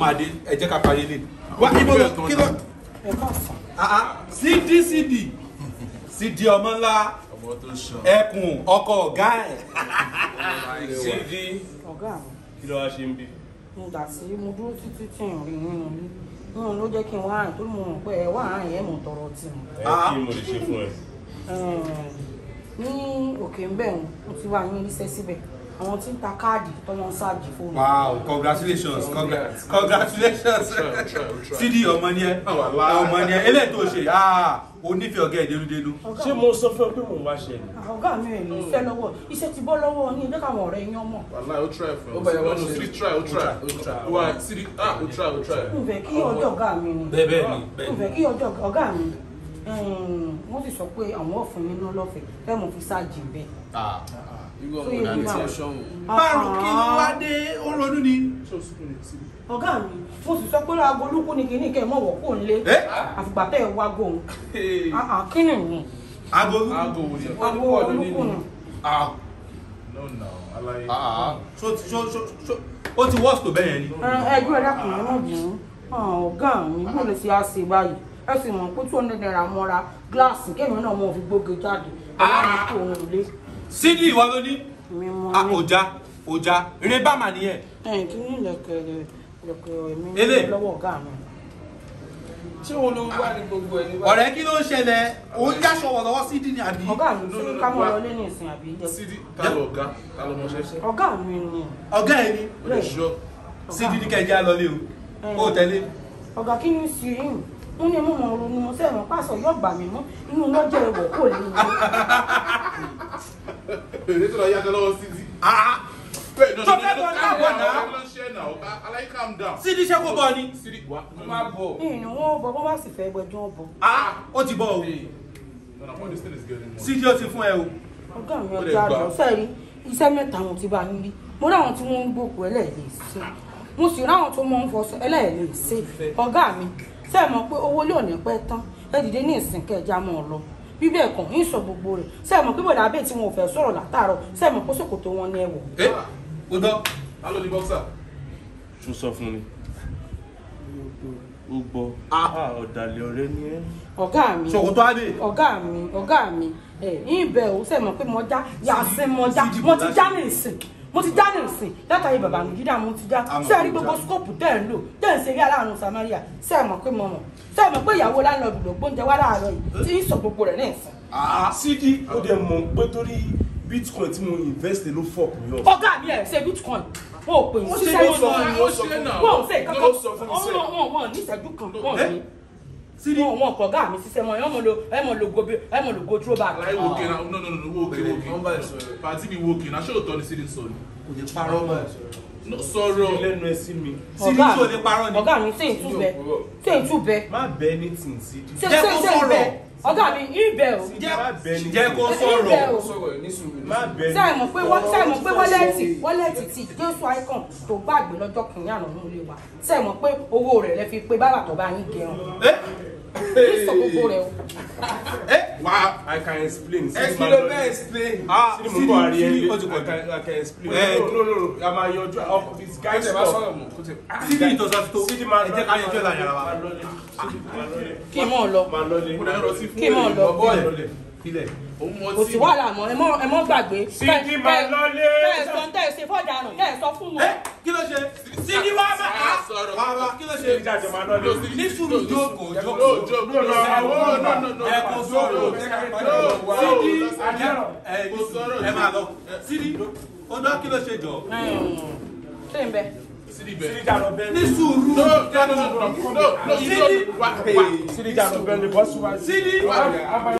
máa dé ẹ jẹ́ ká parí lè. wá ibo lọ kí lọ. cdcd cd ọmọ ńlá ẹkùn ọkọ ọgá ẹ. cd kí ló wá ṣe ń bí. nígbà tí mo dúró títí tí n rí nínú mi nínú ló jẹ́ kí n wá àrùn tó mọ̀ pé ẹ wá àrùn yẹn mọ̀ tọrọ tì mí. Ah. ẹ kí mo lè ṣe fún ẹ. ní òkè ń bẹ̀ ń ti wá yín ríṣẹ́ síbẹ̀ àwọn tí ń ta káàdì tó wọn ṣáàjì fóònù. wow congratulations congratulations sídi ọmọ ni ẹ oh, ọmọ ni ẹ eléyìí tó ṣe ah, onífẹ̀ẹ́ ọ̀gá ẹ̀ dénúdénú. ṣé mo sọ fún ẹ pé mò ń wá ṣe ni. Ah, ọ̀gá mi ò ní fẹ́ lọ́wọ́ iṣẹ́ ti bọ́ lọ́wọ́ ní ilé káwọn ọ̀rẹ́ yín ọmọ. wàhálà ó try fún ẹ ó bá yẹ try. sí try ó try wà á sí ah ó try ó try. n fẹ́ kí ọjọ́ ọ̀gá mi ni. bẹ́ẹ̀ bẹ́ẹ̀ ni bẹ́ẹ̀ ni. n fẹ́ kí ọjọ́ ọ̀gá mi ni wọ́n sì sọ pé àwọn ọ̀fun nínú lọ́fẹ̀ẹ́ fẹ́ mo fi ṣáàjì bẹ́ẹ̀. Ah irú ọmọ ìdàgbé tí ó ṣọ̀hún. márùn kí ló wá dé ó ronú ni. ọ̀gá mi mo sì sọ pé aago olúkú ni kìíní kẹ́ ẹ̀ mọ̀wọ́ kò ń lé àfìgbà tẹ́ ẹ̀ wá gòun ah, ah, kí ni ni. aago olúkú ni ó ti wọ́ọ̀sì tó bẹ́ẹ̀ yẹn ni. Eh, ẹgbẹ́ ẹ̀dá kùnrin náà dùn ah, ún ọ̀gá mi bó lè ṣe àṣe báyìí ẹ sì mọ̀ pé two hundred naira mọ́ra gíláàsì kéèyàn náà mọ̀ fi gbóge jáde ọ̀gá mi kò sídìí ìwà ló ní ah, ọjà ọjà eré bàmà nìyẹn. ẹ kí ni ìlẹ̀kẹ̀ ìlẹ̀kẹ̀ mi ní lọ́wọ́ ọ̀gá mi. ṣé o ló wà ní gbogbo ẹ̀ níwájú. ọ̀rẹ́ kí ló ń ṣẹlẹ̀ o ń jáṣọ wọ̀ lọ́wọ́ sídìí ni àbí. ọ̀gá mi ló ká mọ́ ọ lé ní ìsìn àbí. sídìí ká lọ ọ̀gá ká lọ mọṣẹ́. ọ̀gá mi ni. ọ̀gá ẹ ni. sídìí ni kẹjá lọ lé o o ó tẹ̀lé. ọ̀gá kí ni sùúrù wọ́n ní mú mọ̀ ronú sẹ́wọ̀n pàṣọ yóò gbà mí mú inú lọ́jọ́ ìwọ̀ kò lè ní. èyí tó lọ yá tẹ́lọ́wọ́ sídì. tó ah, fẹ́ bọ̀ náà bọ̀ náà. aláì calm down. sídì ṣé kò bọ̀ ni. sídì wa kó má bọ̀. Hmm, ìnù wọn bọ bó bá sì fẹ́ gbẹjọ́ bọ̀. Ah, ó ti bọ̀ o. sídì ó ti fún ẹ o. ọgá mi ọjà àjọ sẹ́ẹ̀rí iṣẹ́ mẹ́ta mo ti bá to rí mo ráwọn tí wọ́n ń gbòkú ẹlẹ́ẹ̀lẹ́ sí mo sì ráwọn tó mọ ń fọṣọ ẹlẹ́ẹ̀lẹ́ sí ọgá mi sẹ́ẹ̀ mọ̀ pé owó lónìí pẹ́ tán ẹ dìde ní ìsìnkẹ́ ẹja mọ́ ọ lọ bíbẹ̀ kan ń sọ gbogbo rẹ̀ sẹ́ẹ̀mọ̀ pé bọ̀dà abẹ́ tí wọn ò fẹ́ sọ̀rọ̀ látàárọ̀ sẹ́ẹ̀mọ̀ kó sòkòtò wọn ní ẹ̀wọ̀. ẹ o dán alo ni bọ́ksà. ṣó sọ fún mi ó gbọ́ ah. Ah, ọ̀dàlẹ̀ ọ̀rẹ́ ni ẹ́. ọ̀gá mi ṣòkòtò adé. ọ̀gá mi ọ̀gá mi ẹ̀ eh, ń bẹ̀ ò sẹ́ẹ̀mọ̀ pé mọ́já yàtí mọ́já mo ti já ní mo ti jáde nsìn látàrí bàbá nìjíríà mo ti já sẹ́ẹ̀rí gbogbo skóòpù tẹ̀ ń lò tẹ̀ ń ṣeré aláàánú samaria sẹ́ẹ̀mọ̀ pé mo mọ̀ sẹ́ẹ̀mọ̀ pé ìyàwó láńlọ́ọ̀dù ló gbóúnjẹ wá láàárọ̀ yìí tí ń sọ gbogbo rẹ̀ ní ìsìn. Ah, ah. sídi ó dẹ mọ̀ pé torí bitcoin tí mo invest ló fọ̀ kù yọ. ọgá mi ẹ ṣe bitcoin wọn ò pè ní sísẹ́ wọn ò ṣe é náà wọn ò ṣe é kankan wọn ò ní ìṣẹ́jú kan wọn ò ní síbi wọn wọn kọ gáà mi sísẹ mọ ẹ lo ẹ lo gobe ẹ lo go throw back. aláì wo kìnnà no no no wo kìnnà wo kìnnà pàtí mi wo kìnnà ṣé òótọ́ ni sídi ń sọ ni. kò ní parọ́ mọ́ ẹ̀ sọ̀rọ̀ lẹ́nu ẹ sí mi. sídi tí o ní parọ́ ni. ọ̀gá mi sèǹtù bẹ sèǹtù bẹ. má bẹ ní tìǹsì. jẹ́ kó sọ̀rọ̀ ọ̀gá mi ibẹ̀ o jẹ́ kó sọ̀rọ̀ sẹ́ẹ̀ mọ̀ pé sẹ́ẹ̀ mọ̀ pé wọ́lẹ́ẹ̀tì wọ́lẹ́ẹ̀tì ti jésù icon tó gbàgbé lọ́jọ́ kìnìún àná ló lè wà sẹ́ẹ̀ mọ̀ pé owó rẹ̀ lẹ fi pé bàbá tó bá yín gẹ̀rùn. Please sọ gbogbo rẹ o. Ẹ eh? I can explain. Explain o bẹ́ẹ̀ explain. Ah siri mo kọ́ àrí ẹni. Siri o I can explain. Ẹ eh, no no no. A máa yọjú ọkọ̀ bí sky stop. Siri ìtọ́sọ́ tó. Siri máa lọ. Ẹ jẹ́ ká yọjú ẹ̀la yàrá wa. Kí mọ̀ lọ. Kí mọ̀ lọ. Kò sí wàhálà mọ́, ẹ mọ́ gbàgbé. Sidi máa lọ lé. Tẹ̀ ẹ̀ sọ tẹ̀ ẹ̀ ṣe fọ́jà nù, tẹ̀ ẹ̀ sọ fún wọn. Eh, kí ló ṣe? Sidi máa bá sọ̀rọ̀. wàhálà kí ló ṣe ìjà jọ̀mọ́ náà lè. ní sùúrù jókòó jókòó jókòó lọ àwọn ọ̀nà ẹ kò sọ̀rọ̀ sídi ẹ máa lọ sídi ọdọ kí ló ṣe jọ. ṣé n bẹ nisuru sidi sidi